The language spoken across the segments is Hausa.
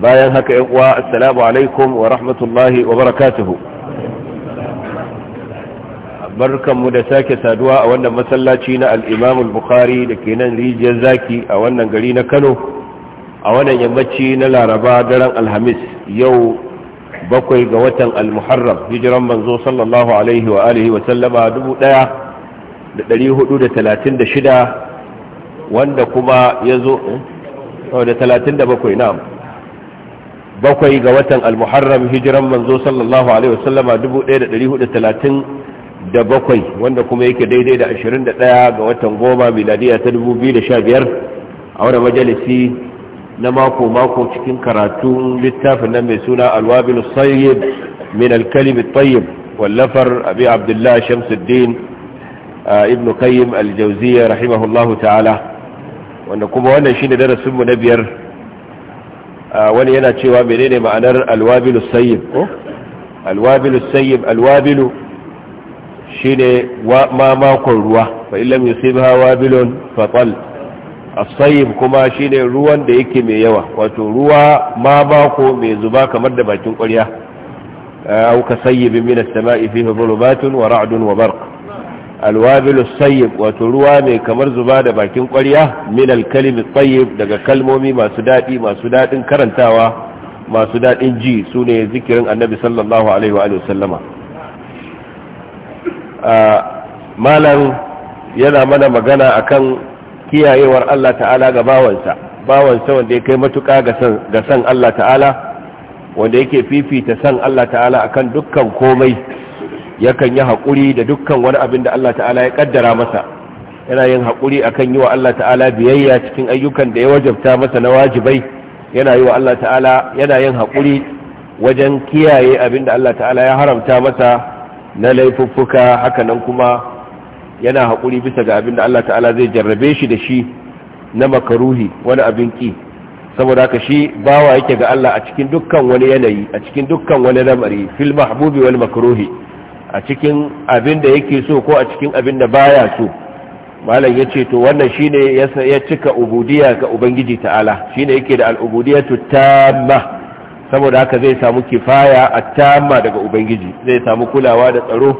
bayan haka yan uwa assalamu alaikum wa rahmatullahi wa barakatuhu barkanmu da sake saduwa a wannan masallaci na al-Imam al-Bukhari dake nan rijiyar zaki a wannan gari na Kano a wannan yammaci na Laraba daren Alhamis yau bakwai ga watan al-Muharram hijiran manzo sallallahu alaihi wa alihi wa sallama 1436 wanda kuma ya zo eh, da 37 na'am bakwai ga watan almuharram muharram hijiran manzo sallallahu alaihi wasallama 1437 wanda kuma yake daidai da 21 ga watan goma miladiya ta 2015 a wani majalisi na mako mako cikin karatun littafin nan mai suna alwabil sayyid min al tayyib wallafar abi abdullah shamsuddin ibn qayyim al rahimahullahu ta'ala wanda kuma wannan shine darasin mu na biyar Ah, wani yana cewa menene ma'anar alwabilu sayyib ko oh? alwabilu sayyib alwabilu shine ma makon ruwa fa illam ha wabilun fatal as-sayyib kuma shine ruwan da yake mai yawa wato ruwa ma mako mai zuba kamar da bakin kwarya auka ah, ka sayyibin min samai fihi dhulumatun wa ra'dun wa barq alwabilu sayyib wato ruwa mai kamar zuba da bakin kwarya min alkalimi sayyib daga kalmomi masu daɗi masu daɗin karantawa masu daɗin ji su ne zikirin annabi sallallahu alaihi wa sallama malam yana mana magana akan kiyayewar Allah ta'ala ga bawansa bawansa wanda ya kai matuƙa ga san Allah ta'ala wanda yake fifita san Allah ta'ala akan dukkan komai yakan yi haƙuri da dukkan wani abin da Allah ta'ala ya kaddara masa yana yin haƙuri akan yi wa Allah ta'ala biyayya cikin ayyukan da ya wajabta masa na wajibai yana yi wa Allah ta'ala yana yin haƙuri wajen kiyaye abin da Allah ta'ala ya haramta masa na laifuffuka hakanan kuma yana haƙuri bisa ga abin da Allah ta'ala zai jarrabe shi da shi na makaruhi wani abin ki saboda haka shi bawa yake ga Allah a cikin dukkan wani yanayi a cikin dukkan wani lamari fil mahbubi wal makruhi a cikin abin da yake so ko a cikin abin da baya so malam ya ce to wannan shi ne ya cika ubudiya ga ubangiji ta'ala ne yake da al'ubudiyatu tutama saboda haka zai samu kifaya a tamma daga ubangiji zai samu kulawa da tsaro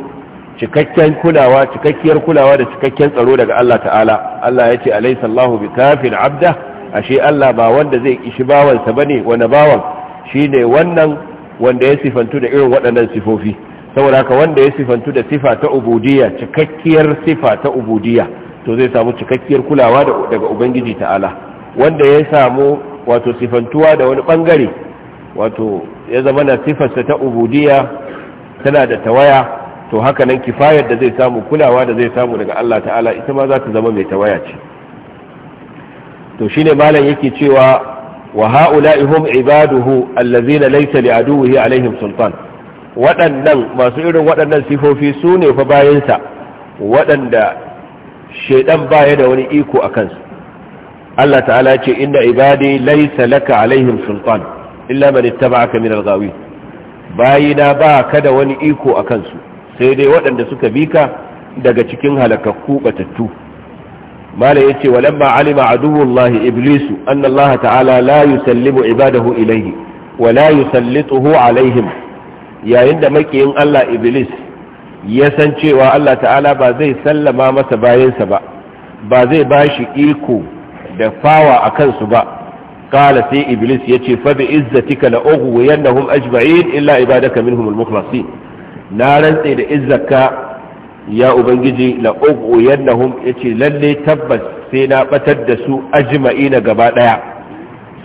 cikakken kulawa cikakkiyar kulawa da cikakken tsaro daga Allah ta'ala Allah ya ce sallahu bi kafin abda ashe Allah ba wanda zai ishi bawansa ba ne wani bawan shi ne wannan wanda ya sifantu da irin waɗannan sifofi saboda haka wanda ya sifantu da sifa ta ubudiyya cikakkiyar sifa ta ubudiyya to zai samu cikakkiyar kulawa daga ubangiji ta'ala wanda ya samu wato sifantuwa da wani bangare wato ya zama na sifarsa ta ubudiyya tana da tawaya to haka nan kifayar da zai samu kulawa da zai samu daga Allah ta'ala ita ma za ta zama mai tawaya ce to shine malam yake cewa wa ha'ula'i hum ibaduhu allazina laysa li aduwwihi alaihim sultan waɗannan masu irin waɗannan sifofi su ne fa bayansa waɗanda shaidan baya da wani iko a kansu Allah ta'ala ce inda ibadi laisa laka alaihim sultan illa man ittaba'aka min al-ghawi bayina ba ka da wani iko a kansu sai dai waɗanda suka bi ka daga cikin halakakku batattu mala yace walamma alima aduwullahi iblisu anna ta'ala la yusallimu ibadahu ilayhi wa la yusallituhu alaihim yayin da makiyin Allah Iblis ya san cewa Allah ta'ala ba zai sallama masa bayansa ba ba zai ba shi iko da fawa a kansu ba kala sai Iblis ya ce fa bi izzatika la ughwiyannahum ajma'in illa ibadaka minhum al na rantse da izzaka ya ubangiji la ughwiyannahum yace lalle tabbas sai na batar da su ajma'ina gaba daya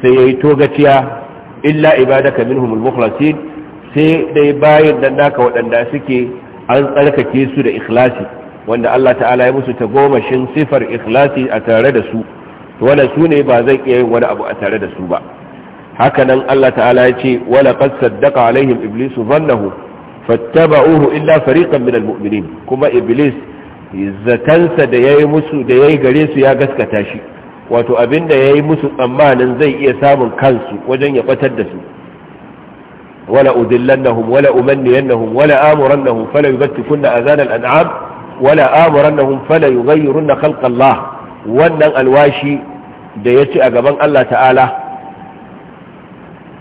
sai yayi togaciya illa ibadaka minhum al sai dai bayan nan naka waɗanda suke an tsarkake su da ikhlasi wanda Allah ta'ala ya musu ta gomashin sifar ikhlasi a tare da su wala su ne ba zai iya yin wani abu a tare da su ba hakanan Allah ta'ala ya ce wala qad saddaqa alaihim iblisu zannahu fattaba'uhu illa fariqan min almu'minin kuma iblis zatansa da yayi musu da yayi gare su ya gaskata shi wato abinda yayi musu tsammanin zai iya samun kansu wajen ya batar da su ولا أدلنهم ولا أمنينهم ولا آمرنهم فلا يبتكن أذان الأنعام ولا آمرنهم فلا يغيرن خلق الله wannan alwashi da ya ci a gaban Allah ta'ala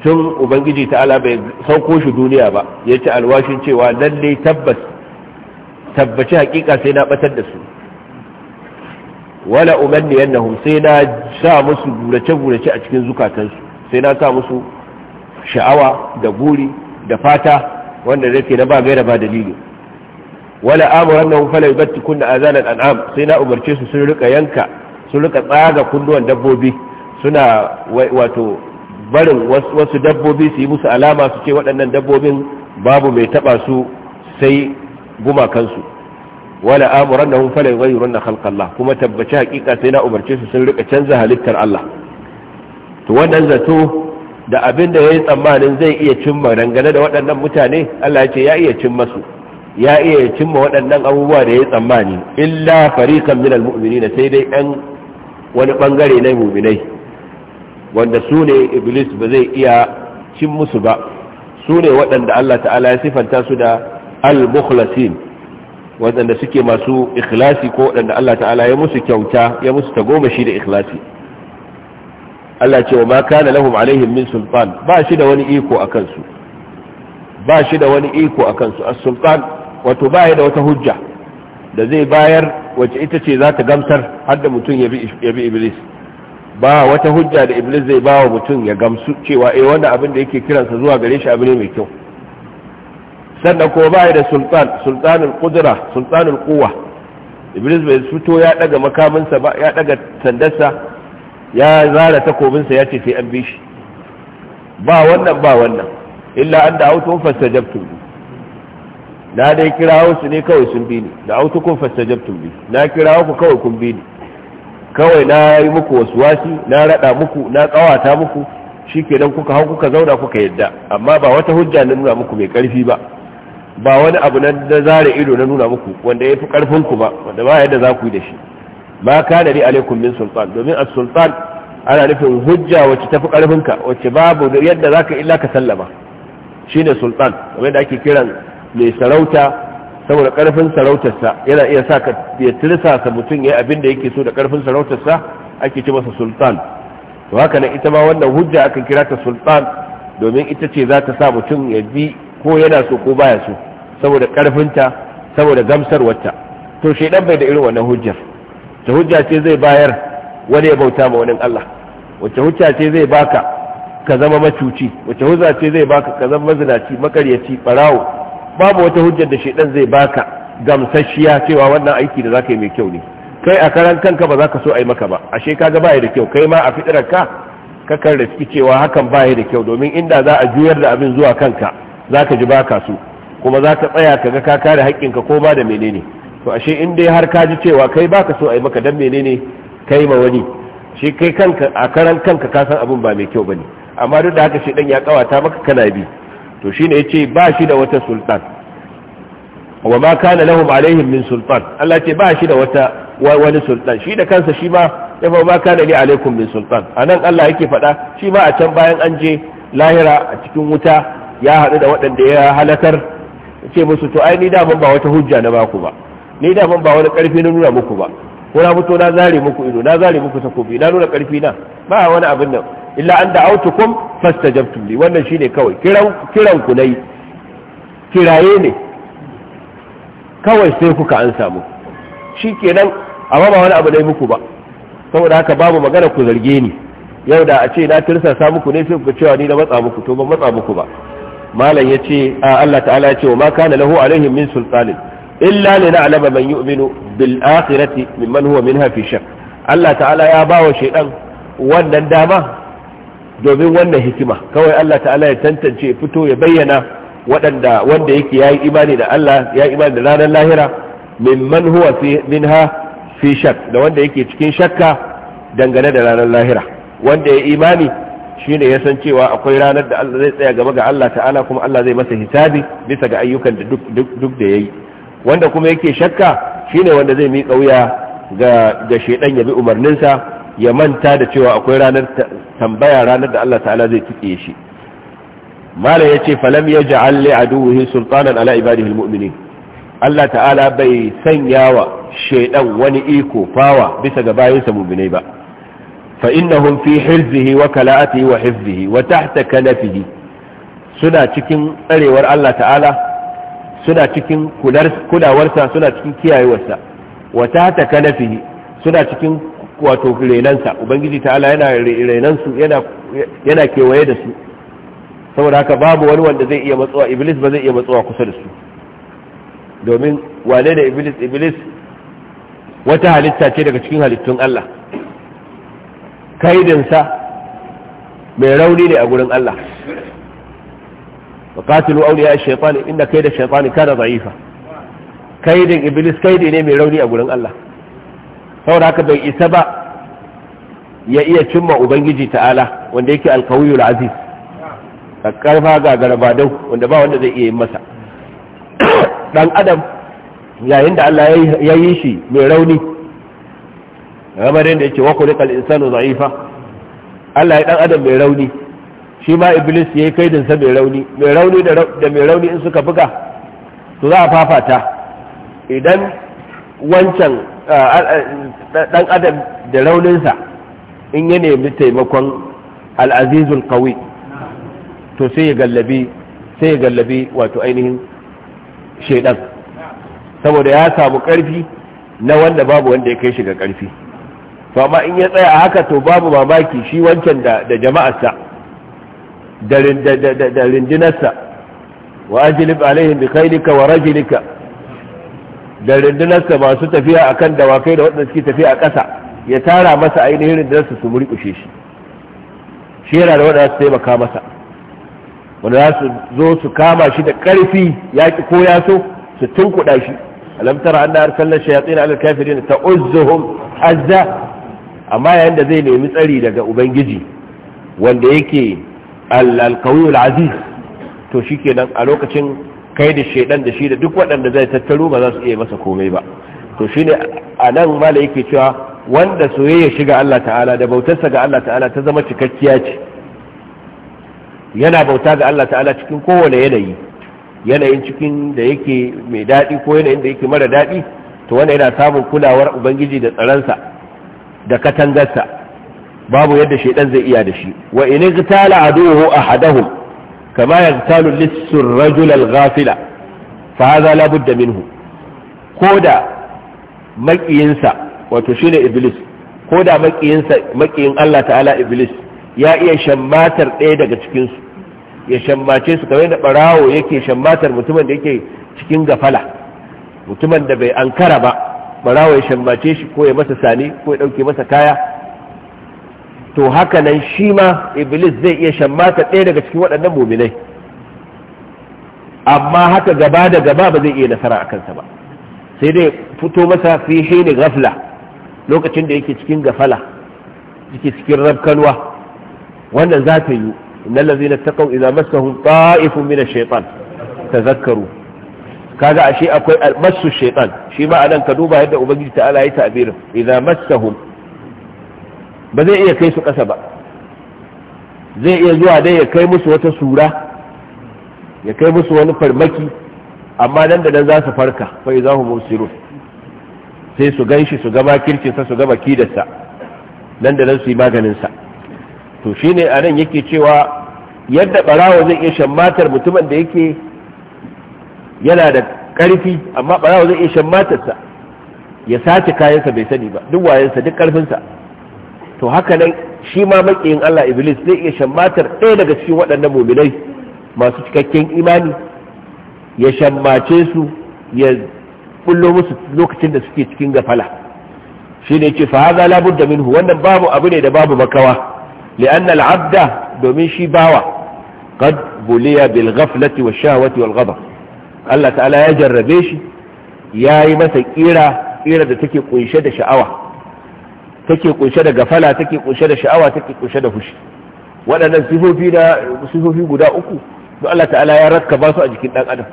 tun Ubangiji ta'ala bai sauko shi duniya ba ya ci alwashin cewa nan ne tabbas tabbaci hakika sai na batar da su wala umanni yannahum sai na sa musu gurace-gurace a cikin zukatansu sai na sa musu sha'awa da buri da fata wanda zai na ba gaira ba dalili wala amuran nan fala yubatti kunna azanan an'am sai na umarce su sun rika yanka sun rika tsaga kunduwan dabbobi suna wato barin wasu dabbobi su yi musu alama su ce waɗannan dabbobin babu mai taba su sai gumakansu wala amuran nan fala na khalqallah kuma tabbaci hakika sai na umarce su sun rika canza halittar Allah to wannan zato da abin da ya yi tsammanin zai iya cimma dangane da waɗannan mutane Allah ya ce ya iya cimma su ya iya cimma waɗannan abubuwa da ya yi tsammani illa farikan min muminina sai dai ɗan wani ɓangare na mu'minai wanda su ne iblis ba zai iya cin musu ba su ne waɗanda Allah ta'ala ya sifanta su da al-mukhlasin waɗanda suke masu ikhlasi ko waɗanda Allah ta'ala ya musu kyauta ya musu tagomashi da ikhlasi Allah ce wa ma kana lahum alaihim min sultan ba shi da wani iko a kansu ba shi da wani iko a kansu as-sultan wato ba ya da wata hujja da zai bayar wace ita ce za ta gamsar har da mutum ya bi iblis ba wata hujja da iblis zai ba wa mutum ya gamsu cewa eh wanda abin da yake kiransa zuwa gare shi abu ne mai kyau sannan kuma ba da sultan sultanul qudra sultanul quwwa iblis bai fito ya daga makaminsa ba ya daga sandarsa ya zara takobinsa ya ce sai an bi shi ba wannan ba wannan illa an da auto fastajabtum bi na dai kira su ne kawai sun bi ni da auto kun bi na kira ku kawai kun bi ni kawai na yi muku wasu wasi na rada muku na kawata muku shi ke shikenan kuka hau kuka zauna kuka yadda amma ba wata hujja na nuna muku mai karfi ba ba wani abu na zare ido na nuna muku wanda ya fi karfinku ba wanda ba yadda za ku yi da shi ma da li alaikum min sultan domin a sultan ana nufin hujja wacce tafi ƙarfinka wacce babu yadda zaka illa ka sallama shine sultan kamar yadda ake kiran mai sarauta saboda karfin sarautarsa yana iya sa ya tirsasa mutum ya abin da yake so da karfin sarautarsa ake ci masa sultan to haka nan ita ma wannan hujja aka kira ta sultan domin ita ce za ta sa mutum ya bi ko yana so ko baya so saboda karfinta saboda gamsarwarta to shaidan bai da irin wannan hujjar wace hujja ce zai bayar wani ya bauta ma wani Allah wace hujja ce zai baka ka zama macuci wace hujja ce zai baka ka zama mazinaci makaryaci barawo babu wata hujjar da shedan zai baka gamsasshiya cewa wannan aiki da zaka yi mai kyau ne kai a karan kanka ba za ka so a yi maka ba ashe ka ga baya da kyau kai ma a fitirar ka kakan riski cewa hakan baya da kyau domin inda za a juyar da abin zuwa kanka za ka ji baka su kuma za ka tsaya ka ga ka kare haƙƙinka ko ba da menene to ashe in dai har ka ji cewa kai baka so a maka dan menene kai ma wani shi kai kanka a karan kanka ka san abun ba mai kyau bane amma duk da haka shi dan ya kawata maka kana bi to shine yace ba shi da wata sultan wa ma kana lahum alaihim min sultan Allah ce ba shi da wata wani sultan shi da kansa shi ma ya fa ma kana li alaikum min sultan anan Allah yake faɗa shi ma a can bayan an je lahira a cikin wuta ya hadu da waɗanda ya halakar ce musu to ai ni da ba wata hujja na baku ba ni da ban ba wani karfi na nuna muku ba ko na fito na zare muku ido na zare muku takobi na nuna karfi na ba wani abin nan illa an da'autukum fastajabtum li wannan shine kawai kiran kiran ku nayi kiraye ne kawai sai kuka an samu shikenan amma ba wani abu dai muku ba saboda haka babu magana ku zarge ni yau da a ce na sa muku ne sai kuka cewa ni na matsa muku to ban matsa muku ba malam yace Allah ta'ala ya ce wa ma kana lahu alaihim min sultanin illa alama man uminu bil akhirati mimman huwa minha hafi shak. Allah ta'ala ya bawa shaidan wannan dama domin wannan hikima kawai Allah ta'ala ya tantance fito ya bayyana waɗanda wanda yake yayi imani da Allah ya imani da ranar lahira mimman huwa fi minha fi shak da wanda yake cikin shakka dangane da ranar lahira wanda ya imani shine ya san cewa akwai ranar da Allah zai tsaya gaba ga Allah ta'ala kuma Allah zai masa hisabi bisa ga ayyukan da duk duk da yayi wanda kuma yake shakka shine wanda zai miƙa wuya ga ga shedan ya bi umarninsa ya manta da cewa akwai ranar tambaya ranar da Allah ta'ala zai tike shi mala yace falam yaj'al li aduwwihi sultanan ala ibadihi almu'minin Allah ta'ala bai sanyawa shedan wani iko fawa bisa ga bayinsa mu'minai ba fa innahum fi hirzihi wa kala'atihi wa hifzihi wa tahta kanafihi suna cikin tsarewar Allah ta'ala suna cikin kulawarsa suna cikin kiyayewarsa wata ta kanafihi suna cikin wato renansa ubangiji ta'ala yana renansu yana yana kewaye da su saboda haka babu wani wanda zai iya matsuwa iblis ba zai iya matsuwa kusa da su domin wane da iblis iblis wata halitta ce daga cikin halittun Allah kaidinsa mai rauni ne a gurin Allah وقاتلوا أولياء الشيطان إن كيد الشيطان كان za'ifa كيد إبليس كيد إني من روني أقول الله saboda haka bai isa ba ya iya cimma ubangiji ta'ala wanda yake alkawiyul aziz karfa ga garabadau wanda ba wanda zai iya yin masa dan adam yayin da Allah ya yi shi mai rauni ramarin da yake wa kulikal insanu za'ifa Allah ya dan adam mai rauni shi ma iblis ya yi kaidinsa mai rauni mai rauni da mai rauni in suka buga to za a fafata idan wancan dan adam da rauninsa in ya nemi taimakon al'azizul kawi to sai ya gallabi sai ya gallabi wato ainihin shaidan saboda ya samu karfi na wanda babu wanda ya kai shiga ga karfi to amma in ya tsaya a haka to babu mamaki shi wancan da jama'arsa da rindinarsa wa ajilib alaihim bi khailika wa da rindinarsa masu tafiya akan dawakai da waɗanda suke tafiya a ƙasa ya tara masa ainihin rindinarsa su murƙushe shi shi yana da waɗanda su taimaka masa wanda za su zo su kama shi da ƙarfi yaƙi ko ya so su tunkuɗa shi alam tara anna arsalna shayatin ala ta ta'uzzuhum azza amma yayin da zai nemi tsari daga ubangiji wanda yake al-qawiyyul aziz to shikenan a lokacin kai da shedan da shi da duk waɗanda zai tattaro ba za su iya masa komai ba to shine anan mala yake cewa wanda soyayya shiga Allah ta'ala da bautarsa ga Allah ta'ala ta zama cikakkiya ce yana bauta ga Allah ta'ala cikin kowane yanayi yanayin cikin da yake mai daɗi ko yanayin da yake mara daɗi to wanda yana samun kulawar ubangiji da tsaransa da katangarsa babu yadda shaidan zai iya da shi wa in igtala aduhu ahadahum kama yagtalu lissu rajul alghafila fa hadha la budda minhu koda makiyinsa wato shine iblis koda makiyinsa makiyin Allah ta'ala iblis ya iya shammatar ɗaya daga cikin su ya shammace su kamar da barawo yake shammatar mutumin da yake cikin gafala mutumin da bai ankara ba barawo ya shammace shi ko ya masa sani ko ya dauke masa kaya to haka nan shi ma iblis zai iya shammata ɗaya daga cikin waɗannan muminai amma haka gaba da gaba ba zai iya nasara a kansa ba sai dai fito masa fi hini gafla lokacin da yake cikin gafala yake cikin rabkalwa wannan za ta yi innal ladzina taqaw idza massahum ta'ifun min ash-shaytan tazakkaru kaga ashe akwai masu shaytan shi ma anan ka duba yadda ubangiji ta'ala ya ta'birin idza massahum ba zai iya kai su ƙasa ba zai iya zuwa dai ya kai musu wata sura ya kai musu wani farmaki amma nan da nan za su farka fai za hu musirun sai su gan shi su gama kirkinsa su gaba kidarsa nan da nan su yi maganinsa to shi ne a nan yake cewa yadda ɓarawa zai iya shammatar mutumin da yake yana da ƙarfi amma ɓarawa zai iya shammatarsa ya sace kayansa bai sani ba duk wayansa duk ƙarfinsa to haka nan shi ma makiyin Allah iblis zai iya shammatar ɗaya daga cikin waɗannan muminai masu cikakken imani ya shammace su ya bullo musu lokacin da suke cikin gafala shi ne ce fahaza labudda minhu wannan babu abu ne da babu makawa li'annal abda domin shi bawa qad buliya bil ghaflati wash shahwati wal ghadab Allah ta'ala ya jarrabe shi ya yi masa kira kira da take kunshe da sha'awa take kunshe da gafala take kunshe da sha'awa take kunshe da fushi waɗannan sifofi da sifofi guda uku to Allah ta'ala ya raka ba su a jikin dan adam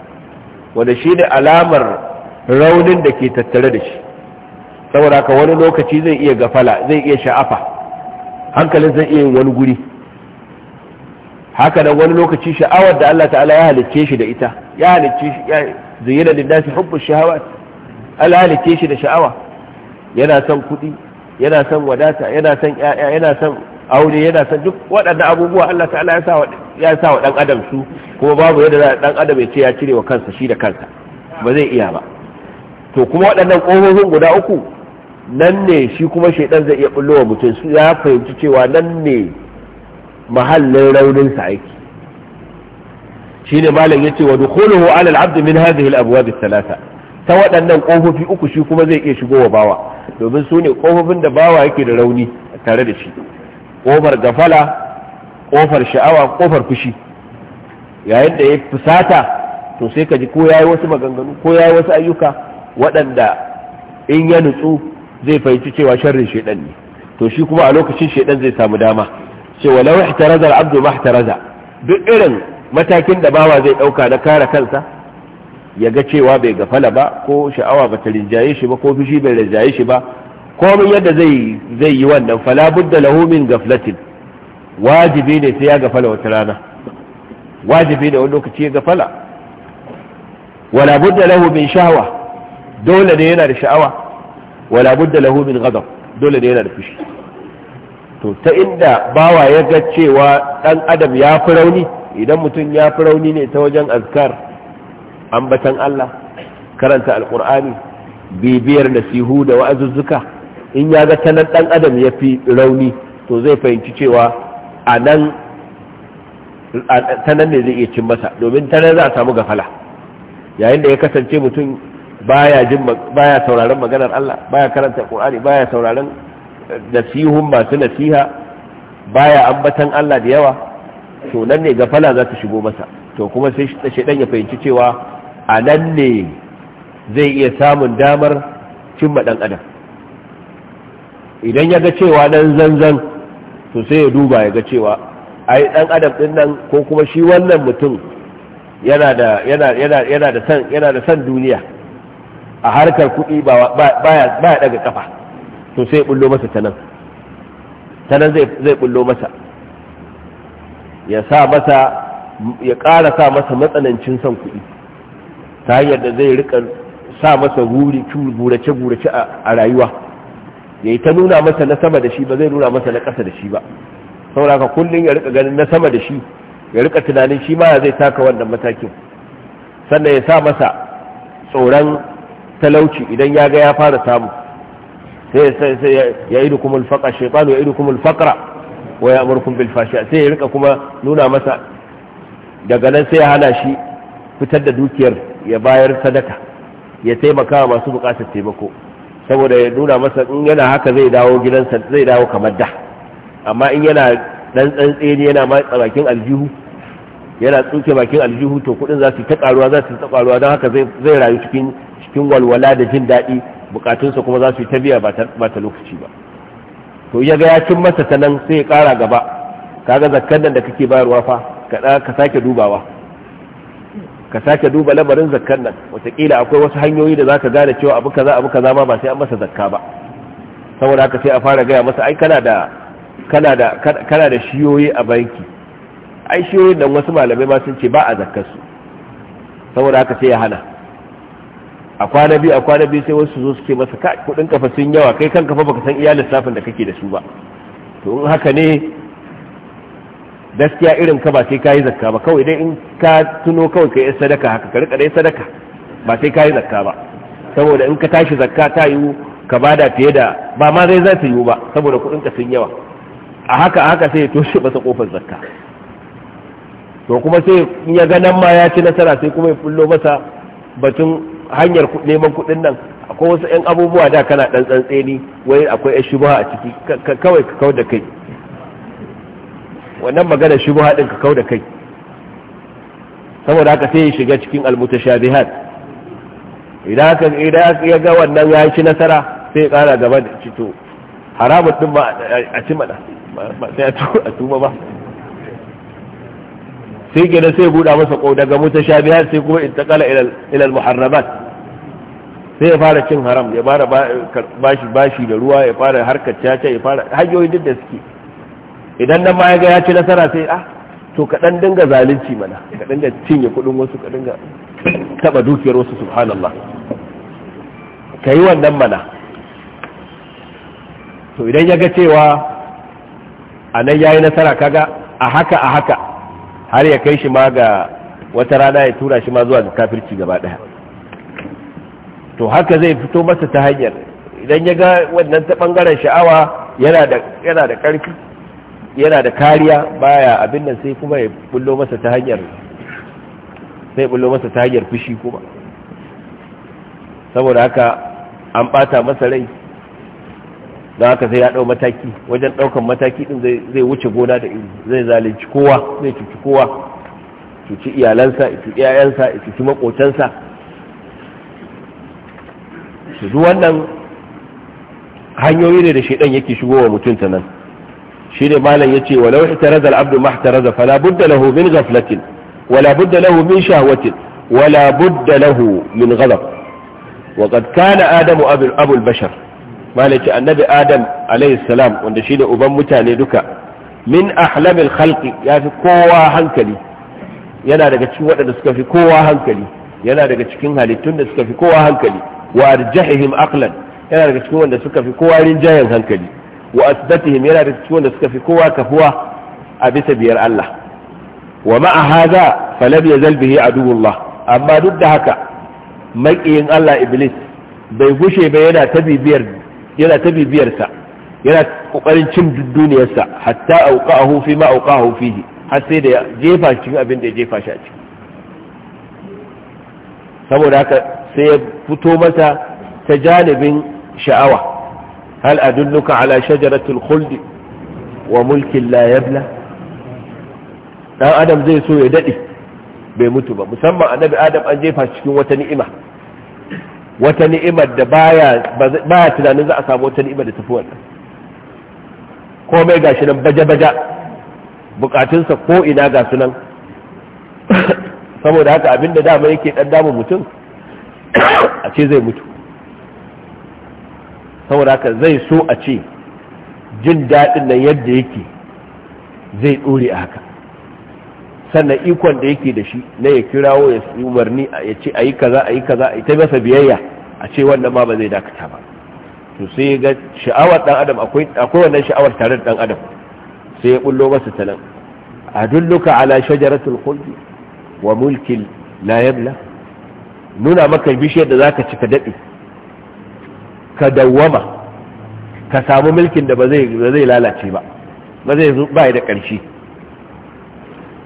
wanda shine alamar raunin da ke tattare da shi saboda haka wani lokaci zai iya gafala zai iya sha'afa hankalin zai iya yin wani guri haka nan wani lokaci sha'awar da Allah ta'ala ya halicce shi da ita ya halicce shi ya zuyyana lin nasi hubbu shahawat Allah halicce shi da sha'awa yana son kuɗi yana son wadata yana son ƴaƴa yana son aure yana son duk waɗannan abubuwa Allah ta'ala ya sa wa ya sa wa dan adam su kuma babu yadda dan adam ya ce ya cire wa kansa shi da kansa ba zai iya ba to kuma waɗannan ƙofofin guda uku nan ne shi kuma shaidan zai iya bullo wa mutum su ya fahimci cewa nan ne mahallin raunin sa yake shine malam yace wa dukhuluhu ala al-abd min hadhihi al-abwab ath-thalatha ta waɗannan ƙofofi uku shi kuma zai iya shigo wa bawa domin su ne ƙofofin da bawa yake da rauni tare da shi ƙofar gafala ƙofar sha'awa ƙofar fushi yayin da ya fusata to sai ka ji ko ya yi wasu maganganu ko ya yi wasu ayyuka waɗanda in ya nutsu zai fahimci cewa sharrin shaidan ne to shi kuma a lokacin shaidan zai samu dama ce walau ihtaraza al mahtaraza duk irin matakin da bawa zai ɗauka na kare kansa ya ga cewa bai gafala ba ko sha'awa ba ta rinjaye shi ba ko fushi bai rinjaye shi ba komai yadda zai zai yi wannan fala budda lahu min gaflatin wajibi ne sai ya gafala wata rana wajibi ne wani lokaci ya gafala wala budda lahu min sha'awa, dole ne yana da sha'awa wala budda lahu min ghadab dole ne yana da fushi to ta inda bawa ya ga cewa dan adam ya fi rauni idan mutum ya fi rauni ne ta wajen azkar ambatan Allah karanta alkur'ani bibiyar nasihu da wa'azuzzuka in ya ga tanan dan adam ya fi rauni to zai fahimci cewa a nan tanan ne zai iya cin masa domin tanan za a samu gafala yayin da ya kasance mutum baya jin baya sauraron maganar Allah baya karanta alkur'ani baya sauraron nasihun masu nasiha baya ambatan Allah da yawa to nan ne gafala za ta shigo masa to kuma sai shaidan ya fahimci cewa a nan ne zai iya samun damar cimma ɗan adam idan ya ga cewa nan zanzan to sai ya duba ya ga cewa a yi ɗan adam ɗin nan ko kuma shi wannan mutum yana da san duniya a harkar kuɗi baya daga ƙafa. to sai ya ɓullo masa ta nan ta zai ɓullo masa ya sa masa ya ƙara sa masa matsanancin son kuɗi ta hanyar da zai rika sa masa guri gurace gurace a rayuwa ya ta nuna masa na sama da shi ba zai nuna masa na ƙasa da shi ba sauraka kullum ya rika ganin na sama da shi ya rika tunanin shi ma zai taka wannan matakin sannan ya sa masa tsoron talauci idan ya ga ya fara samu sai ya idu kuma alfaƙa shaitanu ya idu kuma alfaƙra wa ya amurkun bilfashiya sai ya rika kuma nuna masa daga nan sai ya hana shi fitar da dukiyar ya bayar sadaka ya taimaka masu bukatar taimako saboda ya nuna masa in yana haka zai dawo gidansa zai dawo kamar da amma in yana dan tsantseni yana matsa bakin aljihu yana tsuke bakin aljihu to kudin za su ta karuwa za su ta karuwa don haka zai rayu cikin cikin walwala da jin daɗi bukatunsa kuma za su ta biya ba ta lokaci ba to ya ga ya cin masa ta nan sai ya kara gaba kaga zakkan nan da kake bayarwa fa ka sake dubawa ka sake duba lamarin zakkan nan wataƙila akwai wasu hanyoyi da za ka gane cewa abu kaza abu kaza ma ba sai an masa zakka ba saboda haka sai a fara gaya masa ai kana da kana da kana da shiyoyi a banki ai shiyoyin nan wasu malamai ma sun ce ba a zakkar su saboda haka sai ya hana a kwana biyu a kwana biyu sai wasu zo suke masa ka kudin kafa sun yawa kai kan kafa baka san iya lissafin da kake da su ba to in haka ne gaskiya irin ka ba sai ka yi zakka ba kawai idan in ka tuno kawai ka yi sadaka haka ka rika dai sadaka ba sai ka yi zakka ba saboda in ka tashi zakka ta yiwu ka bada fiye da ba ma zai zai yiwu ba saboda kudin ka sun yawa a haka haka sai ya toshe masa kofar zakka to kuma sai in ya ga nan ma ya ci nasara sai kuma ya fullo masa batun hanyar neman kuɗin nan akwai wasu 'yan abubuwa da kana dan tsantseni wai akwai 'yan a ciki kawai ka kawar da kai wannan magana shubu haɗin ka kau da kai saboda haka sai ya shiga cikin almutashabihat idan haka idan ya ga wannan ya ci nasara sai ya ƙara gaba da cito haramun din ba a ci mana ba sai a tuba ba sai gina sai buɗa masa ko daga mutashabihat sai kuma intakala ila almuharramat sai ya fara cin haram ya fara bashi bashi da ruwa ya fara harkar caca ya fara hanyoyi duk da suke idan nan ma ya ga ya ci nasara sai ah to ka dan dinga zalunci mana ka dinga cinye kudin wasu ka dinga taba dukiyar wasu subhanallah ka yi wannan mana to idan ya ga cewa a nan ya yi nasara kaga a haka a haka har ya kai shi ma ga wata rana ya tura shi ma zuwa ga kafirci gaba daya to haka zai fito masa ta hanyar idan ya ga wannan ta bangaren sha'awa yana da ƙarfi yana da kariya baya abin nan sai kuma ya bullo masa ta hanyar sai bullo masa ta hanyar fushi kuma saboda haka an bata masa rai don haka sai ya dau mataki wajen daukan mataki din zai wuce gona da iri zai zalunci kowa zai cuci kowa cuci iyalansa cuci yayansa cuci makotansa su duk wannan hanyoyi ne da shaidan yake shigowa mutunta nan shi ne malam yace walau ihtaraza al-abdu mahtaraza fala budda lahu min ghaflatin wala budda lahu min shahwatin wala budda lahu min ghadab wa qad kana adamu abu al-bashar malam yace annabi adam alayhi salam wanda shi ne uban mutane duka min ahlamil khalqi yafi kowa hankali yana daga cikin waɗanda suka fi kowa hankali yana daga cikin halittun da suka fi kowa hankali wa arjahihim aqlan yana daga cikin wanda suka fi kowa rinjayen hankali wa asdatihim yana da ciwon da suka fi kowa kafuwa a bisa biyar Allah wa ma'a hadha falam yazal bihi aduwullah amma duk da haka maƙiyin Allah iblis bai gushe ba yana ta bibiyar yana ta bibiyar sa yana kokarin cin duniyar sa hatta auqahu fi ma auqahu fihi har sai da jefa cikin abin da ya jefa shi a ciki saboda haka sai ya fito masa ta janibin sha'awa هل أدلك على شجرة الخلد wa لا يبلى dan adam zai so ya dade bai mutu ba musamman annabi adam an jefa cikin wata ni'ima wata ni'imar da baya tunanin za a samu wata ni'ima da tafi wannan komai gashi nan baja-baja bukatunsa ko ina ga sunan saboda haka abinda dama yake dan damu mutum a ce zai mutu saboda haka zai so a ce jin daɗin nan yadda yake zai ɗore a haka sannan ikon da yake da shi na ya kirawo ya umarni ya ce a yi kaza a yi kaza a ta masa biyayya a ce wannan ma ba zai dakata ba to sai ya ga sha'awar dan adam akwai wannan sha'awar tare da dan adam sai ya bullo masa talan adulluka ala shajaratul khuldi wa mulkin la yabla nuna maka bishiyar da zaka cika dade ka dawwama ka samu mulkin da ba zai lalace ba ba zai ba da ƙarshe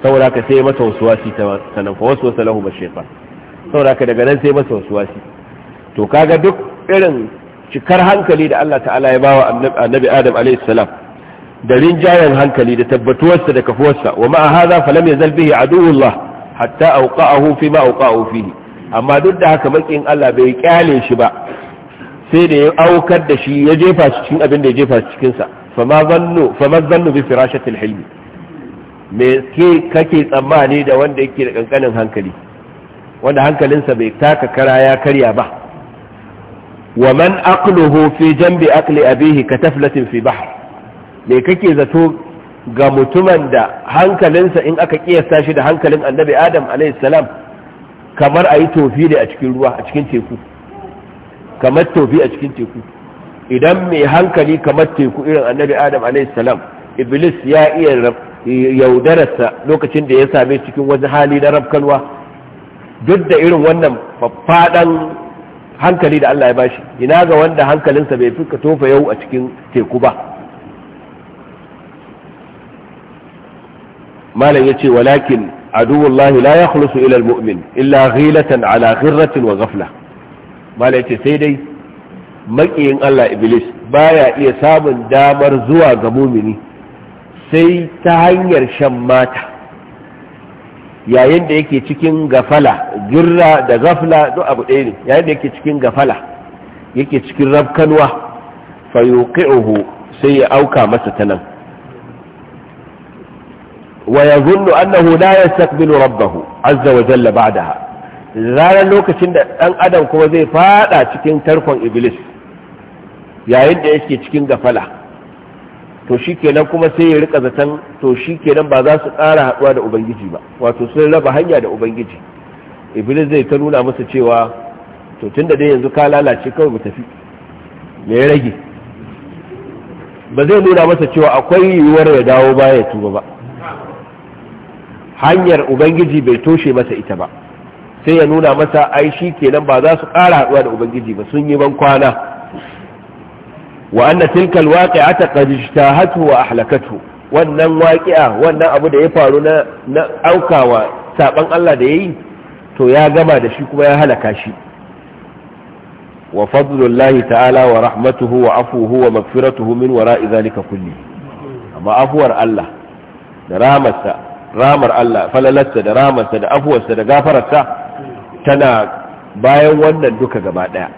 saboda ka sai masa wasu wasuwasi sanan fa wasu wasalahu ba shefa saboda ka daga nan sai masa wasu wasuwasi to kaga duk irin cikar hankali da Allah ta'ala ya bawa annabi Adam alaihi salam da rinjayen hankali da tabbatuwarsa da kafuwarsa wa ma'a hadha falam yazal bihi aduwullah hatta awqa'ahu fi ma awqa'ahu fihi amma duk da haka makin Allah bai kyale shi ba sai da ya aukar da shi ya jefa shi cikin abin da ya jefa shi cikin sa fama zannu fama zannu bi firashatil hilmi me ke kake tsammani da wanda yake da kankanin hankali wanda hankalinsa bai taka kara ya karya ba wa man aqluhu fi janbi aqli abihi ka taflatin fi bahr me kake zato ga mutumin da hankalinsa in aka kiyasta shi da hankalin annabi adam alayhi salam kamar ayi tofi da a cikin ruwa a cikin teku kamar tofi a cikin teku idan mai hankali kamar teku irin annabi adam alaihissalam iblis ya iya yaudararsa lokacin da ya same cikin wani hali na rafkalwa duk da irin wannan faɗan hankali da Allah ya bashi ina ga wanda hankalinsa bai fi ka tofa yau a cikin teku ba malam yace walakin aduwullahi la yakhlusu ilal mumin illa ghilatan ala ghirratin wa gafla. mala ce sai dai makiyin Allah iblis baya iya samun damar zuwa ga mumini sai ta hanyar shan mata yayin da yake cikin gafala girra da gafla duk abu ɗaya ne yayin da yake cikin gafala yake cikin rafkanwa fayuqi'uhu sai ya auka masa ta nan wa yazunnu annahu la yastaqbilu rabbahu azza wa jalla ba'daha ranar lokacin da ɗan adam kuma zai fada cikin tarkon iblis yayin da yake cikin gafala to shi kenan kuma sai ya rika zaton to shi kenan ba za su ƙara haɗuwa da ubangiji ba wato sun raba hanya da ubangiji iblis zai ta nuna musu cewa to tun da dai yanzu ka lalace kawai mu tafi me ya rage ba zai nuna masa cewa akwai yiwuwar ya dawo baya tuba ba hanyar ubangiji bai toshe masa ita ba sai ya nuna masa ai shi kenan ba za su ƙara haɗuwa da ubangiji ba sun yi ban kwana wa anna tilka alwaqi'ata qad ijtahatu wa ahlakatu wannan waqi'a wannan abu da ya faru na na aukawa saban Allah da yayi to ya gama da shi kuma ya halaka shi wa fadlullahi ta'ala wa rahmatuhu wa afuhu wa magfiratuhu min wara'i zalika kulli amma afuwar Allah da ramarsa ramar Allah falalarsa da ramarsa da afuwarsa da gafararsa tana bayan wannan duka gaba daya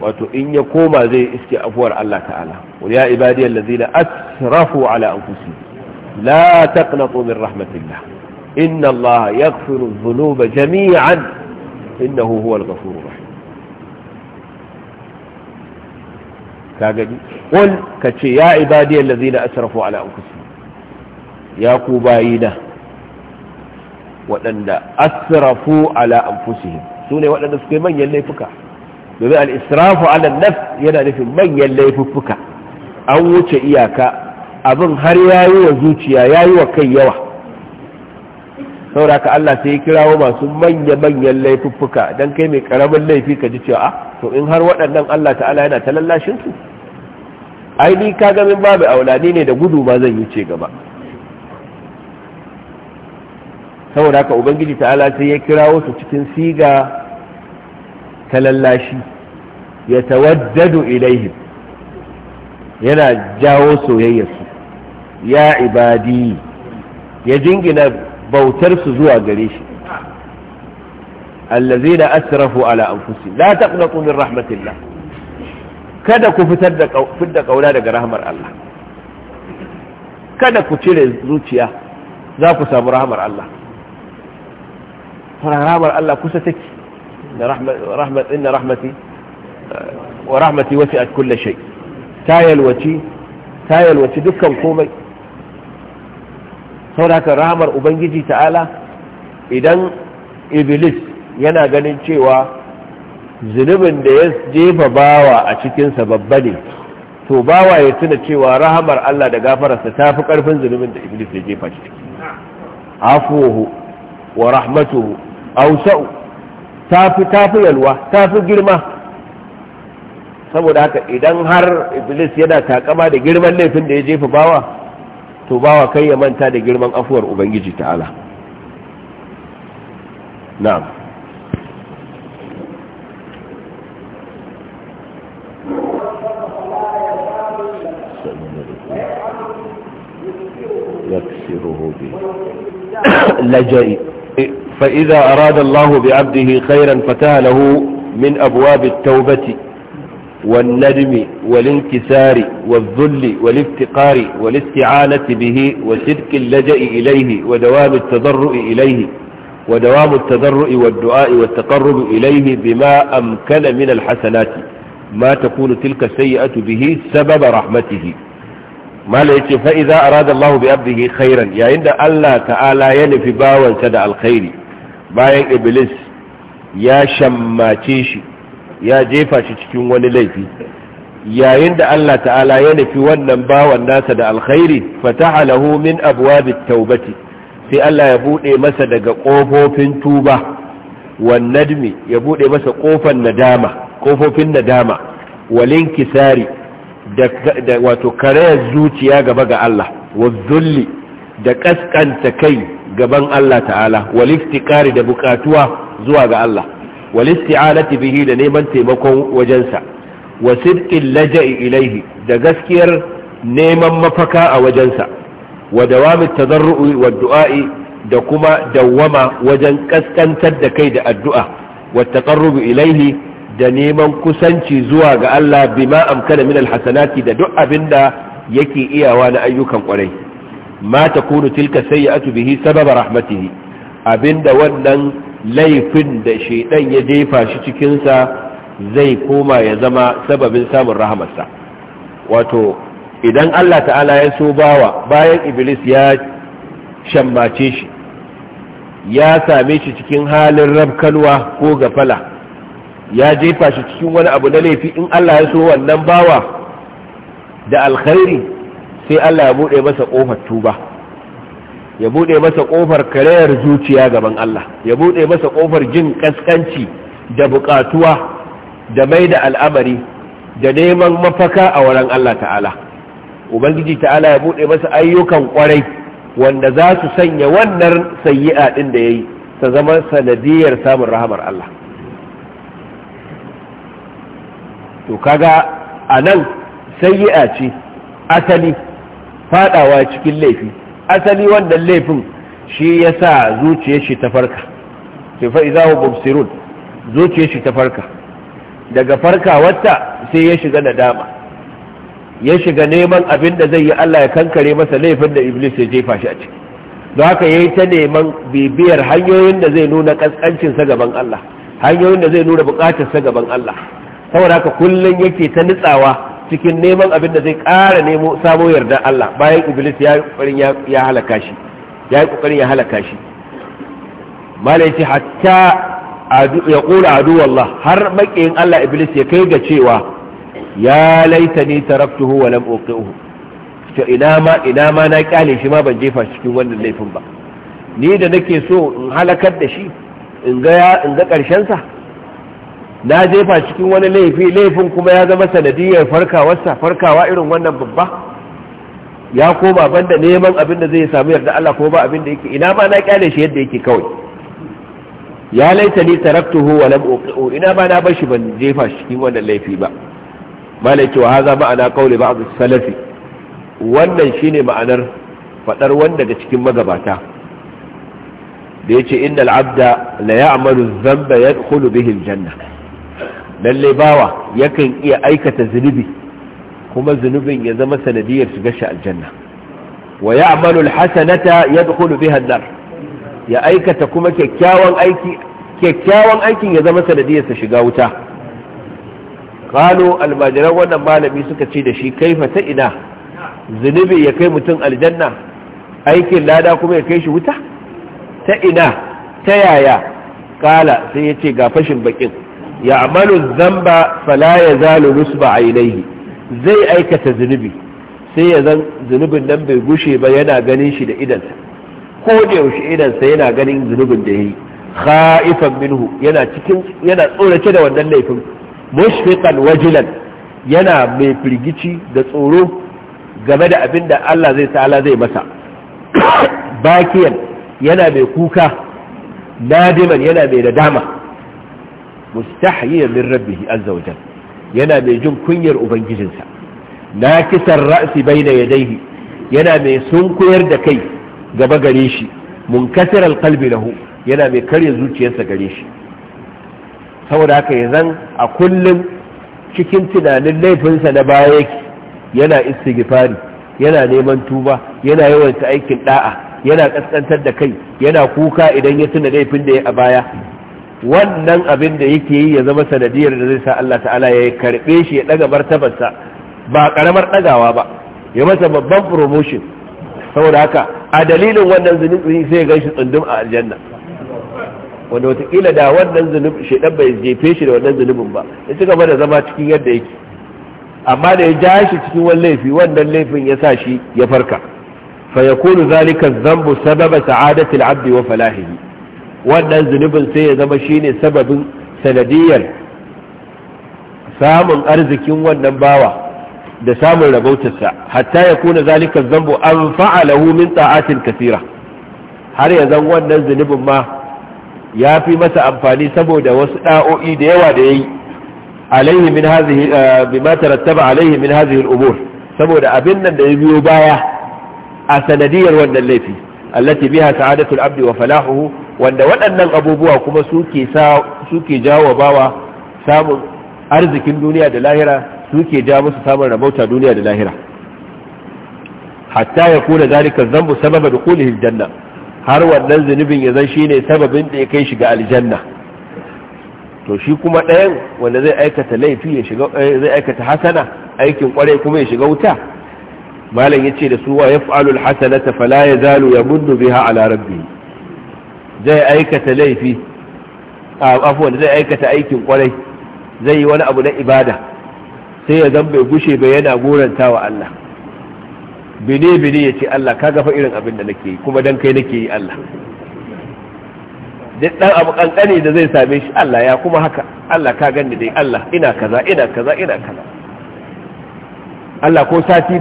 wato in ya koma zai iske afuwar Allah ta'ala qul ya ibadiyal ladina asrafu ala anfusihim la taqnatu min rahmatillah inna Allah yaghfiru dhunuba jami'an innahu huwal ghafurur rahim ka gani qul kace ya ibadiyal ladina asrafu ala anfusihim ya ku bayina waɗanda asrafu ala anfusihim su waɗanda suka yi manyan laifuka domin al'israfu ala naf yana nufin manyan laifuka an wuce iyaka abin har yayi wa zuciya yayi wa kai yawa saboda ka Allah sai ya kirawo masu manya-manyan laifuka don kai mai karamin laifi ka ji cewa ah, to in har waɗannan Allah ta'ala yana ta lallashin su ai ni ka min babu aulani ne da gudu ma zan yi ce gaba saboda haka ubangiji ta'ala sai ya kirawo su cikin siga ta lallashi ya tawaddadu ilaihim yana jawo soyayyarsu ya ibadi ya jingina bautarsu zuwa gare shi allazina asrafu ala anfusi la taqnatu min rahmatillah kada ku fitar da kauna daga rahmar Allah kada ku cire zuciya za ku samu rahmar Allah rahamar Allah kusa take da rahmat inna rahmati wa rahmati wasi'at kulli shay ta ta yalwaci dukkan komai saboda rahmar ubangiji ta'ala idan iblis yana ganin cewa zunubin da ya jefa bawa a cikinsa babba ne to bawa ya tuna cewa rahmar Allah da gafararsa ta fi karfin zunubin da iblis ya jefa shi wa ausa'u ta fi yalwa ta fi girma saboda haka idan har iblis yana takama da girman laifin da ya jefa bawa to bawa kai ya manta da girman afuwar ubangiji ta'ala na'am لجئ فإذا أراد الله بعبده خيرا له من أبواب التوبة والندم والانكسار والذل والافتقار والاستعانة به وسلك اللجأ إليه ودوام التضرع إليه ودوام التضرع والدعاء والتقرب إليه بما أمكن من الحسنات ما تكون تلك السيئة به سبب رحمته ما ليش فإذا أراد الله بأبده خيرا يا يعني أن الله تعالى ينفي باوا سدع الخير bayan iblis ya shammace shi ya jefa shi cikin wani laifi yayin da Allah ta'ala ya nufi wannan bawan nasa da alkhairi fataha lahu min abwabit taubati sai Allah ya bude masa daga kofofin tuba wan nadmi ya bude masa kofan nadama kofofin nadama walin kisari da wato karayar zuciya gaba ga Allah wa zulli da kaskanta kai gaban Allah ta'ala wal iftikari da bukatuwa zuwa ga Allah wal isti'anati bihi da neman taimakon wajensa wa laja'i da gaskiyar neman mafaka a wajensa wa dawamit tadarru'i du'a'i da kuma dawwama wajen kaskantar da kai da addu'a wa taqarrubu da neman kusanci zuwa ga Allah bima amkana min alhasanati da duk abinda yake iyawa na ayyukan kwarai ma takunu tilka ya bihi sababa rahmatihi abinda wannan laifin da shaidan ya jefa shi cikinsa zai koma ya zama sababin samun rahamarsa wato idan Allah ta'ala ya so bawa bayan iblis ya shambace shi ya same shi cikin halin rabkalwa ko gafala ya jefa shi cikin wani abu na laifi in Allah ya so wannan bawa da alkhairi sai Allah ya buɗe masa ƙofar tuba ya buɗe masa ƙofar karayar zuciya gaban Allah ya buɗe masa ƙofar jin ƙasƙanci da buƙatuwa da mai da al'amari da neman mafaka a wurin Allah ta'ala ubangiji ta'ala ya buɗe masa ayyukan ƙwarai wanda za su sanya wannan sayyi'a ɗin da ya yi ta zama sanadiyar samun rahamar Allah to kaga a nan sayyi'a ce asali Faɗawa cikin laifi asali wannan laifin shi ya sa zuciyar shi ta farka sai fa izahu bubsirun zuciyar shi ta farka daga farkawarta sai ya shiga nadama ya shiga neman abin da zai yi Allah ya kankare masa laifin da iblis ya jefa shi a ciki don haka yayi ta neman bibiyar hanyoyin da zai nuna kaskancin sa gaban Allah hanyoyin da zai nuna bukatar sa gaban Allah saboda haka kullun yake ta nitsawa cikin neman abin da zai ƙara nemo samo yardan Allah bayan iblis ya ƙoƙarin ya halaka shi ya yi ƙoƙarin ya halaka shi malai ce hatta ya kula adu Allah har makiyin Allah iblis ya kai ga cewa ya ni taraktuhu wa lam uqihu to ina ma ina ma na kyale shi ma ban jefa cikin wannan laifin ba ni da nake so in halakar da shi in ga in ga karshen sa na jefa cikin wani laifi laifin kuma ya zama sanadiyar farkawarsa farkawa irin wannan babba ya koma banda neman abin da zai samu yarda Allah ko ba abin da yake ina ma na kyale shi yadda yake kawai ya laita ni taraktuhu wa lam uqiu ina ba na bashi ban jefa shi cikin wannan laifi ba malaki wa haza ma'ana qawli ba'd salafi wannan shine ma'anar fadar wanda daga cikin magabata da yace innal abda la ya'malu dhanba yadkhulu bihi aljanna lalle bawa yakan iya aikata zunubi kuma zunubin ya zama sanadiyar shiga shi aljanna wa ya'malu alhasanata yadkhulu biha an-nar ya aikata kuma kyakkyawan aiki kyakkyawan aikin ya zama sanadiyar sa shiga wuta qalu almajiran wannan malami suka ce da shi kaifa ta ina zunubi ya kai mutum aljanna aikin lada kuma ya kai shi wuta ta ina ta yaya kala sai ya ce ga fashin bakin ya'malu dhanba fala yazalu nusba ainihi zai aikata zunubi sai ya zan zunubin nan bai gushe ba yana ganin shi da idansa ko da yaushe idansa yana ganin zunubin da yayi khaifan minhu yana cikin yana tsorace da wannan laifin mushfiqan wajilan yana mai firgici da tsoro game da abin da Allah zai ta'ala zai masa bakiyan yana mai kuka nadiman yana mai nadama mustahyiyan min rabbih azza wa yana mai jin kunyar ubangijinsa na kisan ra'si baina daihi yana mai sunkuyar da kai gaba gare shi alkalbi alqalbi hu yana mai karya zuciyarsa gare shi saboda haka zan a kullum cikin tunanin laifinsa na baya yake yana istighfari yana neman tuba yana yawaita aikin da'a yana kaskantar da kai yana kuka idan ya tuna laifin da ya a baya wannan abin da yake yi ya zama sanadiyar da zai sa Allah ta'ala ya karbe shi ya daga martabarsa ba karamar dagawa ba ya masa babban promotion saboda haka a dalilin wannan zunubi sai ya gaishe tsundum a aljanna wanda watakila da wannan zunubi shedan bai jefe shi da wannan zunubin ba ya ci gaba da zama cikin yadda yake amma da ya ja shi cikin wani laifi wannan laifin ya sa shi ya farka fa yakunu zalika dhanbu sababa sa'adati al-'abdi wa falahihi wannan zunubin sai ya zama shine sababin sanadiyar samun arzikin wannan bawa da samun rabautarsa hatta ya kuna zalika zambo an fa'alahu min ta'atin kasira har ya zan wannan zunubin ma ya fi masa amfani saboda wasu da'o'i da yawa da yayi alaihi min hazihi eh, bima tarattaba alaihi min hazihi umur saboda abin nan da ya biyo baya a sanadiyar wannan laifi allati biha sa'adatu al-abdi wa falahuhu wanda waɗannan abubuwa kuma suke suke jawo bawa samun arzikin duniya da lahira suke ja musu samun rabauta duniya da lahira hatta ya kuna zalika zambu sababa da kulihil janna har wannan zunubin ya zan ne sababin da ya kai shiga aljanna to shi kuma ɗayan wanda zai aikata laifi ya shiga eh, zai aikata hasana aikin kwarai kuma ya shiga wuta malam ya ce da su wa yaf'alul ta fala yazalu yamuddu biha ala rabbih zai aikata laifi afwan zai aikata aikin kwarai zai yi wani abu na ibada sai ya zan bai gushe bai yana goranta wa Allah bine bine ya ce Allah ka gafa irin abin da nake yi kuma dan kai nake yi Allah duk dan abu kankani da zai same shi Allah ya kuma haka Allah ka gani dai Allah ina kaza ina kaza ina kaza Allah ko sati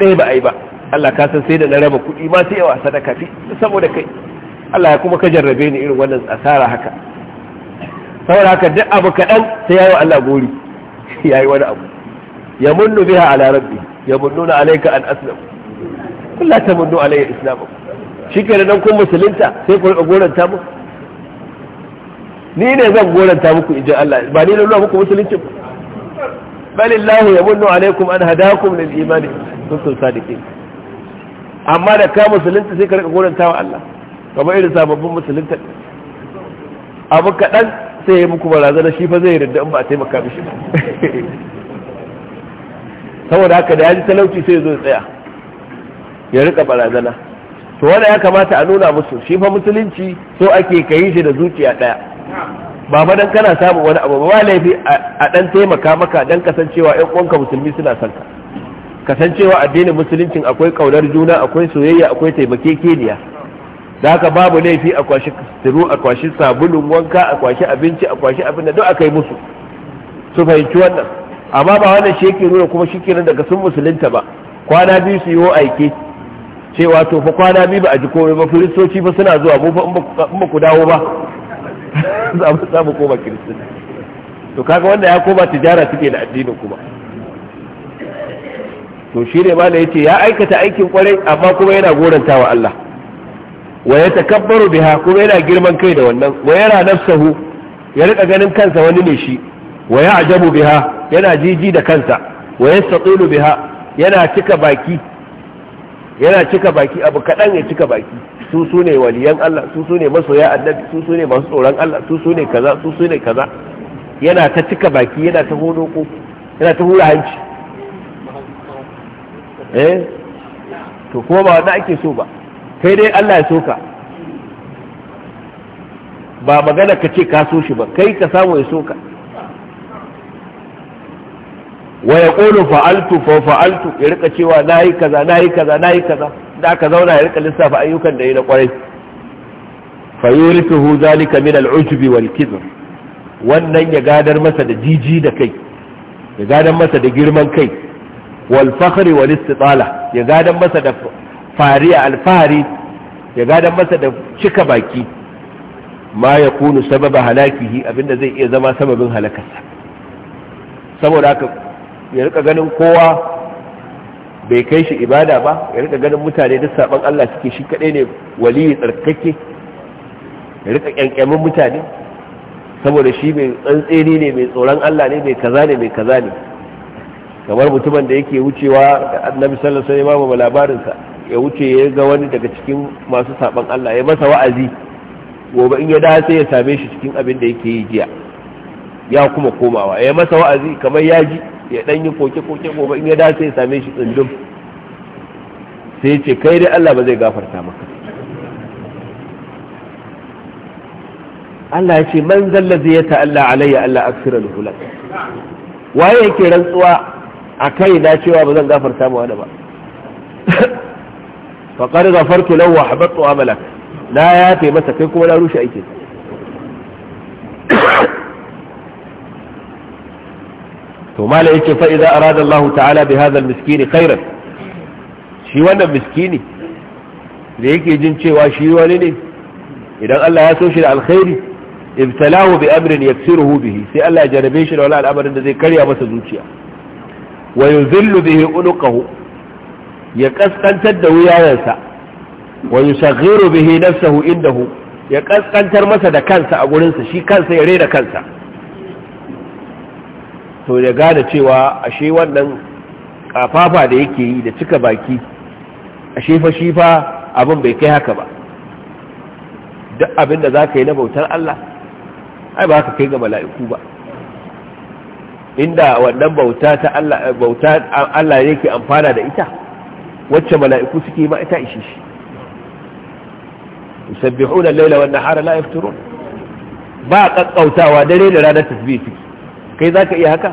ɗaya ba a yi ba Allah ka san sai da na raba kuɗi ma sai yawa sadaka fi saboda kai Allah ya kuma ka jarrabe ni irin wannan asara haka saboda haka duk abu kaɗan sai yawo Allah gori yayi wani abu ya munnu biha ala rabbi ya munnuna alayka an aslam kullu tamunnu islam shi ke dan kun musulunta sai ku riga goranta mu ni ne zan goranta muku idan Allah ba ni ne nuna muku musulunci ba balillahi yamunnu alaykum an hadakum lil iman kuntum sadiqin amma da ka musulunta sai ka riga goranta wa Allah kamar irin sababbin musulunta abu kaɗan sai ya muku barazana shi fa zai rinda in ba a taimaka mishi ba saboda haka da ya ji talauci sai zo tsaya ya rika barazana to wanda ya kamata a nuna musu shi fa musulunci so ake yi shi da zuciya ɗaya ba ma dan kana samun wani abu ba laifi a dan taimaka maka dan kasancewa ƴan uwanka musulmi suna son ka kasancewa addinin musuluncin akwai kaunar juna akwai soyayya akwai taimakekeniya da haka babu laifi a kwashi siru a kwashi sabulun wanka a kwashi abinci a kwashi abin da duk aka yi musu su fahimci wannan amma ba wannan shi yake nuna kuma shikenan daga sun musulunta ba kwana biyu su yi aike cewa to fa kwana biyu ba a ji komai ba firistoci fa suna zuwa mu fa in ba ku dawo ba za mu samu koma kiristoci to kaga wanda ya koma tijara suke da addinin kuma to shi ne ma yace ya aikata aikin kwarai amma kuma yana gorantawa Allah wa ya takabbaru biha kuma yana girman kai da wannan wa yana nafsahu ya rika ganin kansa wani ne shi wa ya ajabu biha yana jiji da kansa wa ya satsilu biha yana cika baki yana cika baki abu kaɗan ya cika baki su su ne waliyan Allah su su ne masoya annabi su su ne masu tsoron Allah su su ne kaza su su ne kaza yana ta cika baki yana ta hodo ko yana ta hura hanci eh to kuma ba wanda ake so ba kai dai Allah ya soka ba magana ka ce ka so shi ba kai ka samu ya soka wa ya ƙolo fa'altu fa fa'altu ya rika cewa na yi kaza na yi kaza na yi kaza da aka zauna ya rika lissafa ayyukan da ya na kwarai fayurisuhu zalika min al'ujubi wal kibr wannan ya gadar masa da jiji da kai ya gadar masa da girman kai wal fakhri wal istitala ya gadar masa da fari a alfahari ya gada masa da cika baki ma ya kunu sababa halakihi abinda zai iya zama sababin halakarsa saboda haka ya rika ganin kowa bai kai shi ibada ba ya rika ganin mutane duk saban Allah suke shi kadai ne waliyi tsarkake ya rika kyankyamin mutane saboda shi mai tsantseni ne mai tsoron Allah ne mai kaza ne mai kaza ne kamar mutumin da yake wucewa da annabi sallallahu alaihi wasallam labarin sa ya wuce ya ga wani daga cikin masu saban Allah ya masa wa'azi gobe in ya da sai ya same shi cikin abin da yake yi jiya ya kuma komawa ya masa wa'azi kamar ya ji ya dan yi koke-koke gobe in ya da sai ya same shi tsundum sai ce kai dai Allah ba zai gafarta maka Allah ya ce man zallazi ya ta'alla alayya Allah aksira al-hulak waye yake rantsuwa a kai na cewa ba zan gafarta ma wani ba faqad ghafartu lahu wa habattu amala na yafe masa kai kuma na rushe aikin to mala yake fa idza arada Allah ta'ala bi hadha al-miskin khairan shi wannan miskini da yake jin cewa shi wani ne idan Allah ya so shi da alkhairi ibtalahu bi amrin yaksiruhu bihi sai Allah ya jarabe shi da wani al'amarin da zai karya masa zuciya wa yuzillu bihi unuqahu ya kaskantar da wuyayensa wa yushaghiru bihi nafsuhu indahu ya kaskantar masa da kansa a gurinsa shi kansa ya rena kansa to ya gane cewa ashe wannan kafafa da yake yi da cika baki ashe fa shi fa abin bai kai haka ba duk abin da za yi na bautar Allah ai ba ka kai ga mala'iku ba inda wannan bauta ta Allah bauta Allah yake amfana da ita wacce mala'iku suke ma ita ishe shi yusabbihuna al-laila wan nahara la yafturun ba kakkautawa dare da rana tasbih su kai zaka iya haka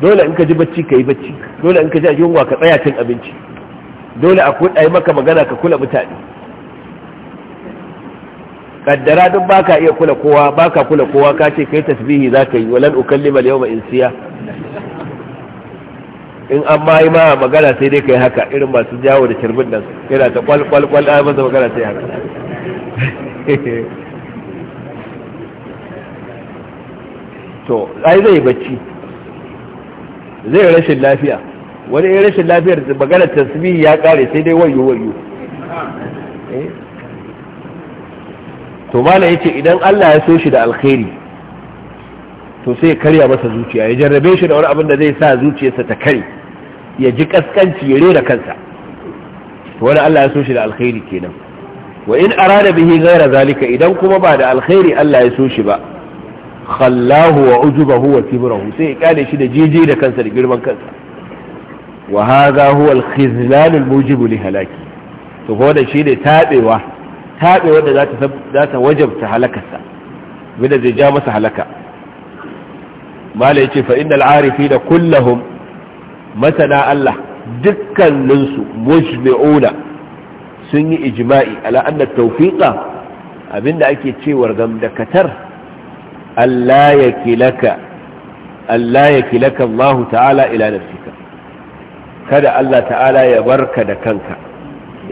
dole in ka ji bacci kai bacci dole in ka ji yunwa ka tsaya cin abinci dole a kuɗa maka magana ka kula mutane kaddara duk baka iya kula kowa baka kula kowa ka ce kai tasbihi zaka yi walan ukallima al-yawma insiya in an ma yi ma magana sai dai kai haka irin masu jawo da kirbin nan yana ta kwal kwal kwal a masa magana sai haka to ai zai bacci zai rashin lafiya wani ya rashin lafiyar magana tasbihi ya kare sai dai wayo wayo eh? to mala yace idan Allah ya so shi da alkhairi to sai ya karya masa zuciya ya jarrabe shi da wani abin da zai sa zuciyarsa ta kare ya ji kaskanci ya rera kansa wani Allah ya so shi da alkhairi kenan wa in arada bihi ghaira zalika idan kuma ba da alkhairi Allah ya so shi ba khallahu wa ujubahu wa kibrahu sai ya kare shi da jeje da kansa da girman kansa wa hadha huwa al-khizlan al-mujib li halaki to ko shi ne tabewa tabewa da za ta za ta wajabta halakarsa wanda zai ja masa halaka mala yace fa innal da kullahum masana Allah dukkaninsu mujmi'una sun yi ijma'i ala anna tawfiqa abinda ake cewar gamdakatar Allah ya kilaka Allah ya Allah ta'ala ila nafsika kada Allah ta'ala ya barka da kanka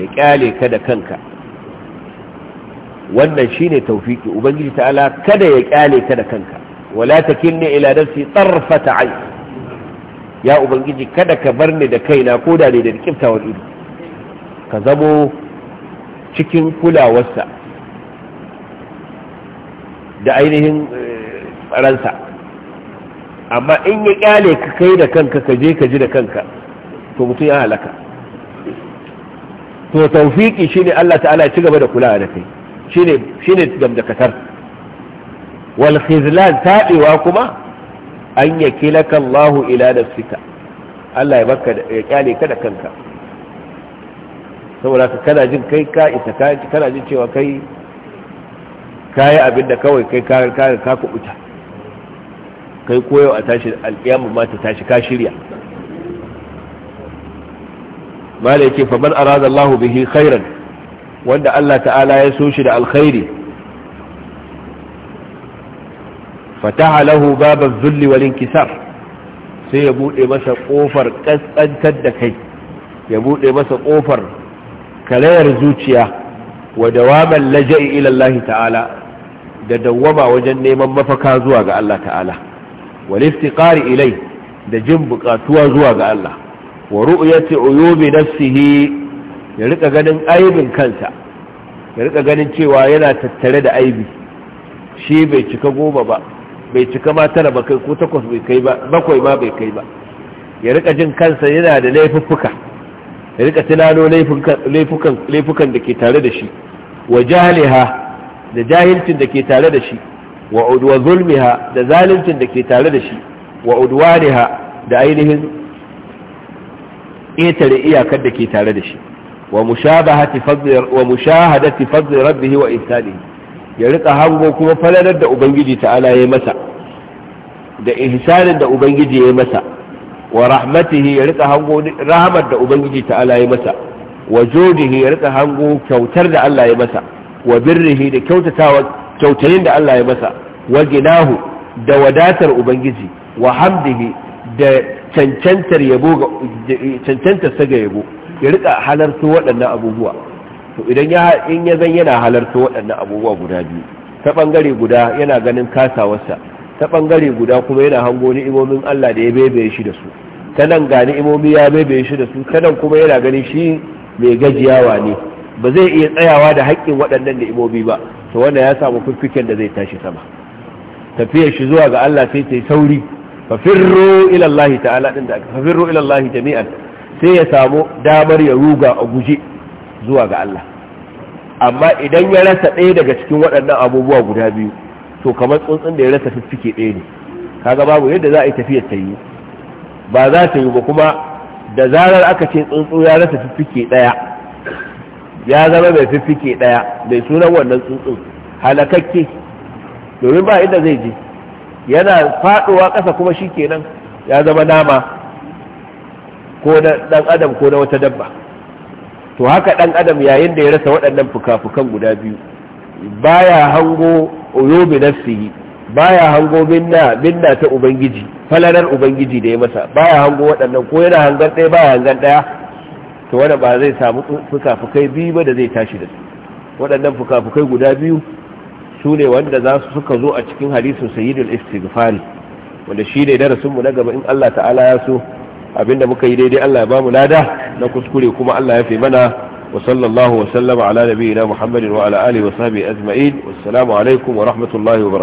ya kyale ka da kanka wannan shine taufiƙi ubangiji ta'ala kada ya kyale ka da kanka wala ta takilni ila nafsi tarfata ayn ya ubangiji kada ka bar ni da kaina ko da ne da kiftawar ido ka zamo cikin kulawarsa da ainihin ransa amma in ya kyale ka kai da kanka ka je ka ji da kanka to mutum ya halaka to taufiki shine Allah ta'ala ya ci gaba da kulawa da kai shine shine gamdakatar wal khizlan kuma an yakilaka Allahu ila nafsika Allah ya baka ka da kanka saboda kana jin kai ka isa kana jin cewa kai kayi abin da kawai kai ka ka ka kubuta kai koyo a tashi alƙiyamu ma tashi ka shirya mala yake fa man arada bihi khairan wanda Allah ta'ala ya so shi da alkhairi fataha lahu baban zulli wal kisar sai ya bude masa kofar kaskantar da kai ya bude masa kofar kalayar zuciya wa dawaman laja'i ila Allah ta'ala da dawwama wajen neman mafaka zuwa ga Allah ta'ala wal iftiqari ilai da jin buƙatuwa zuwa ga Allah wa ru'yati uyubi nafsihi ya rika ganin aibin kansa ya rika ganin cewa yana tattare da aibi shi bai cika goma ba bai cika ma tara ba kai ko takwas bai kai ba bakwai ma bai kai ba ya rika jin kansa yana da laifuffuka ya rika tunano laifukan da ke tare da shi wa jahliha da jahilcin da ke tare da shi wa udwa zulmiha da zalincin da ke tare da shi wa udwaniha da ainihin ƙetare iyakar da ke tare da shi wa mushabahati fadli wa mushahadati fadli rabbihi wa ihsanihi ya rika hango kuma falalar da ubangiji ta'ala ya masa da ihsanin da ubangiji ya masa wa rahmatihi ya rika hango rahmar da ubangiji ta'ala ya masa wa jodihi ya rika hango kyautar da Allah ya masa wa birrihi da kyautatawa kyautayin da Allah ya masa wa ginahu da wadatar ubangiji wa hamdihi da cancantar yabo cancantar saga yabo ya rika halarta waɗannan abubuwa to idan ya in ya zan yana halarta waɗannan abubuwa guda biyu ta bangare guda yana ganin kasawarsa ta bangare guda kuma yana hango ni'imomin Allah da ya bebe shi da su ta nan ga ni'imomi ya bebe shi da su ta kuma yana ganin shi mai gajiyawa ne ba zai iya tsayawa da haƙƙin waɗannan ni'imomi ba to wanda ya samu fiffiken da zai tashi sama tafiyar shi zuwa ga Allah sai ta yi sauri fa firru ila Allah ta'ala din da fa firru ila Allah jami'an sai ya samu damar ya ruga a guje zuwa ga Allah amma idan ya rasa ɗaya daga cikin waɗannan abubuwa guda biyu to kamar tsuntsun da ya rasa fiffike ɗaya ne kaga babu yadda za a yi tafiyar ta yi ba za ta yi ba kuma da zarar aka ce tsuntsu ya rasa fiffike ɗaya ya zama mai fiffike ɗaya mai sunan wannan tsuntsun halakakke domin ba inda zai je yana faɗowa ƙasa kuma shi kenan ya zama nama ko na ɗan adam ko na wata dabba to haka ɗan adam yayin da ya rasa waɗannan fukafukan guda biyu baya hango uyubi nafsihi baya hango binna ta ubangiji falalar ubangiji da ya masa baya hango waɗannan ko yana hangar ɗaya baya hangar ɗaya to wani ba zai samu fukafukai biyu ba da zai tashi da su waɗannan fukafukai guda biyu su ne wanda za su suka zo a cikin hadisin sayyidul istighfari wanda shi ne darasinmu na gaba in Allah ta'ala ya so abinda muka yi daidai Allah ya bamu lada na kuskure kuma Allah ya fi mana wa sallallahu wa sallama ala nabiyina Muhammadin wa ala alihi wa sahbihi ajma'in wassalamu alaikum wa rahmatullahi wa barakatuh